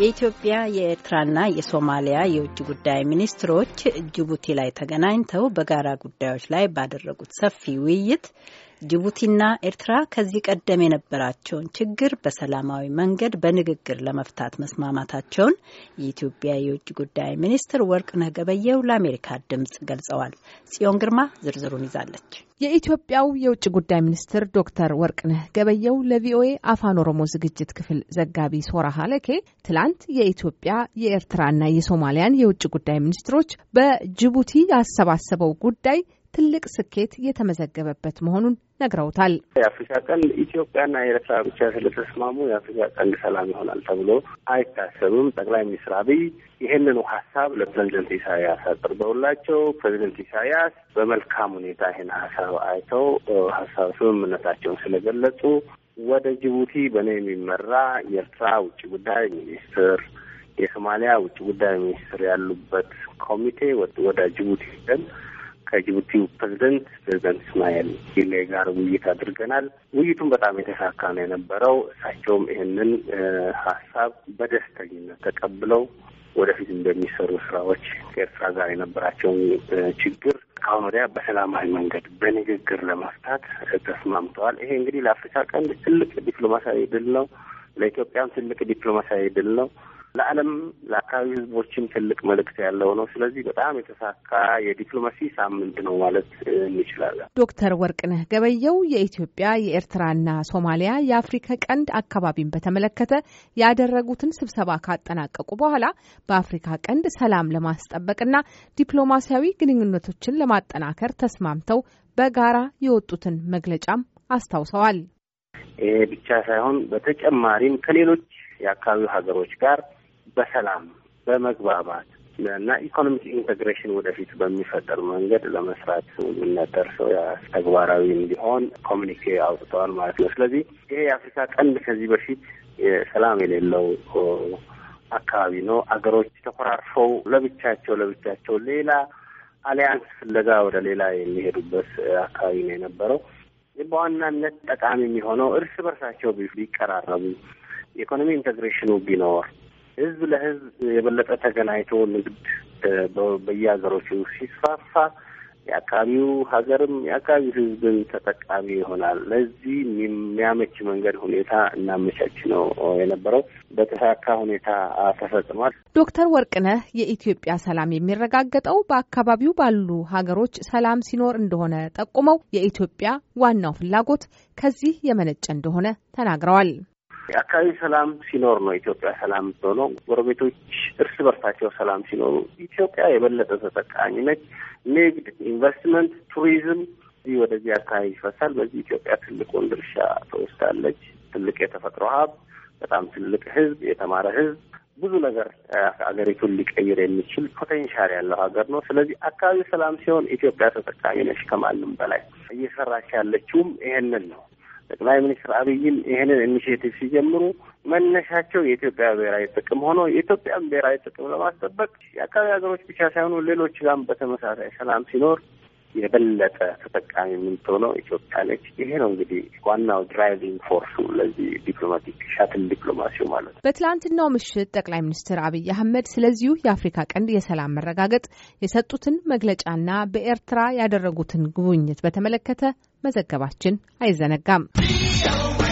የኢትዮጵያ የኤርትራና የሶማሊያ የውጭ ጉዳይ ሚኒስትሮች ጅቡቲ ላይ ተገናኝተው በጋራ ጉዳዮች ላይ ባደረጉት ሰፊ ውይይት ጅቡቲና ኤርትራ ከዚህ ቀደም የነበራቸውን ችግር በሰላማዊ መንገድ በንግግር ለመፍታት መስማማታቸውን የኢትዮጵያ የውጭ ጉዳይ ሚኒስትር ወርቅነህ ገበየው ለአሜሪካ ድምጽ ገልጸዋል። ጽዮን ግርማ ዝርዝሩን ይዛለች። የኢትዮጵያው የውጭ ጉዳይ ሚኒስትር ዶክተር ወርቅነህ ገበየው ለቪኦኤ አፋን ኦሮሞ ዝግጅት ክፍል ዘጋቢ ሶራ ሀለኬ ትላንት የኢትዮጵያ የኤርትራና የሶማሊያን የውጭ ጉዳይ ሚኒስትሮች በጅቡቲ ያሰባሰበው ጉዳይ ትልቅ ስኬት የተመዘገበበት መሆኑን ነግረውታል። የአፍሪካ ቀንድ ኢትዮጵያና ኤርትራ ብቻ ስለተስማሙ የአፍሪካ ቀንድ ሰላም ይሆናል ተብሎ አይታሰብም። ጠቅላይ ሚኒስትር አብይ ይህንኑ ሀሳብ ለፕሬዚደንት ኢሳያስ አቅርበውላቸው ፕሬዚደንት ኢሳያስ በመልካም ሁኔታ ይህን ሀሳብ አይተው ሀሳብ ስምምነታቸውን ስለገለጹ ወደ ጅቡቲ በእኔ የሚመራ የኤርትራ ውጭ ጉዳይ ሚኒስትር የሶማሊያ ውጭ ጉዳይ ሚኒስትር ያሉበት ኮሚቴ ወደ ጅቡቲ ከጅቡቲው ፕሬዝደንት ፕሬዚደንት እስማኤል ጊሌ ጋር ውይይት አድርገናል። ውይይቱም በጣም የተሳካ ነው የነበረው። እሳቸውም ይህንን ሀሳብ በደስተኝነት ተቀብለው ወደፊት እንደሚሰሩ ስራዎች ከኤርትራ ጋር የነበራቸውን ችግር ከአሁን ወዲያ በሰላማዊ መንገድ በንግግር ለመፍታት ተስማምተዋል። ይሄ እንግዲህ ለአፍሪካ ቀንድ ትልቅ ዲፕሎማሲያዊ ድል ነው። ለኢትዮጵያም ትልቅ ዲፕሎማሲያዊ ድል ነው። ለዓለም ለአካባቢ ህዝቦችም ትልቅ መልእክት ያለው ነው። ስለዚህ በጣም የተሳካ የዲፕሎማሲ ሳምንት ነው ማለት እንችላለን። ዶክተር ወርቅነህ ገበየው የኢትዮጵያ የኤርትራና ሶማሊያ የአፍሪካ ቀንድ አካባቢን በተመለከተ ያደረጉትን ስብሰባ ካጠናቀቁ በኋላ በአፍሪካ ቀንድ ሰላም ለማስጠበቅና ዲፕሎማሲያዊ ግንኙነቶችን ለማጠናከር ተስማምተው በጋራ የወጡትን መግለጫም አስታውሰዋል። ይሄ ብቻ ሳይሆን በተጨማሪም ከሌሎች የአካባቢው ሀገሮች ጋር በሰላም በመግባባት እና ኢኮኖሚክ ኢንቴግሬሽን ወደፊት በሚፈጠር መንገድ ለመስራት ስምምነት ደርሰው ተግባራዊ እንዲሆን ኮሚኒኬ አውጥተዋል ማለት ነው። ስለዚህ ይሄ የአፍሪካ ቀንድ ከዚህ በፊት ሰላም የሌለው አካባቢ ነው። አገሮች ተኮራርፈው ለብቻቸው ለብቻቸው ሌላ አሊያንስ ፍለጋ ወደ ሌላ የሚሄዱበት አካባቢ ነው የነበረው። በዋናነት ጠቃሚ የሚሆነው እርስ በርሳቸው ቢቀራረቡ፣ የኢኮኖሚ ኢንቴግሬሽኑ ቢኖር ህዝብ ለህዝብ የበለጠ ተገናኝቶ ንግድ በየሀገሮቹ ሲስፋፋ የአካባቢው ሀገርም የአካባቢው ህዝብም ተጠቃሚ ይሆናል። ለዚህ የሚያመች መንገድ ሁኔታ እናመቻች ነው የነበረው። በተሳካ ሁኔታ ተፈጽሟል። ዶክተር ወርቅነህ የኢትዮጵያ ሰላም የሚረጋገጠው በአካባቢው ባሉ ሀገሮች ሰላም ሲኖር እንደሆነ ጠቁመው የኢትዮጵያ ዋናው ፍላጎት ከዚህ የመነጨ እንደሆነ ተናግረዋል። የአካባቢ ሰላም ሲኖር ነው ኢትዮጵያ ሰላም ሆኖ ጎረቤቶች እርስ በርሳቸው ሰላም ሲኖሩ ኢትዮጵያ የበለጠ ተጠቃሚ ነች። ንግድ፣ ኢንቨስትመንት፣ ቱሪዝም እዚህ ወደዚህ አካባቢ ይፈሳል። በዚህ ኢትዮጵያ ትልቁን ድርሻ ተወስዳለች። ትልቅ የተፈጥሮ ሀብት፣ በጣም ትልቅ ህዝብ የተማረ ህዝብ ብዙ ነገር ሀገሪቱን ሊቀይር የሚችል ፖቴንሻል ያለው ሀገር ነው። ስለዚህ አካባቢ ሰላም ሲሆን ኢትዮጵያ ተጠቃሚ ነች ከማንም በላይ እየሰራች ያለችውም ይሄንን ነው። ጠቅላይ ሚኒስትር አብይም ይህንን ኢኒሽቲቭ ሲጀምሩ መነሻቸው የኢትዮጵያ ብሔራዊ ጥቅም ሆኖ የኢትዮጵያን ብሔራዊ ጥቅም ለማስጠበቅ የአካባቢ ሀገሮች ብቻ ሳይሆኑ ሌሎች ጋም በተመሳሳይ ሰላም ሲኖር የበለጠ ተጠቃሚ የምትሆነው ኢትዮጵያ ነች። ይሄ ነው እንግዲህ ዋናው ድራይቪንግ ፎርሱ ለዚህ ዲፕሎማቲክ ሻትል ዲፕሎማሲው ማለት ነው። በትላንትናው ምሽት ጠቅላይ ሚኒስትር አብይ አህመድ ስለዚሁ የአፍሪካ ቀንድ የሰላም መረጋገጥ የሰጡትን መግለጫና በኤርትራ ያደረጉትን ጉብኝት በተመለከተ መዘገባችን አይዘነጋም።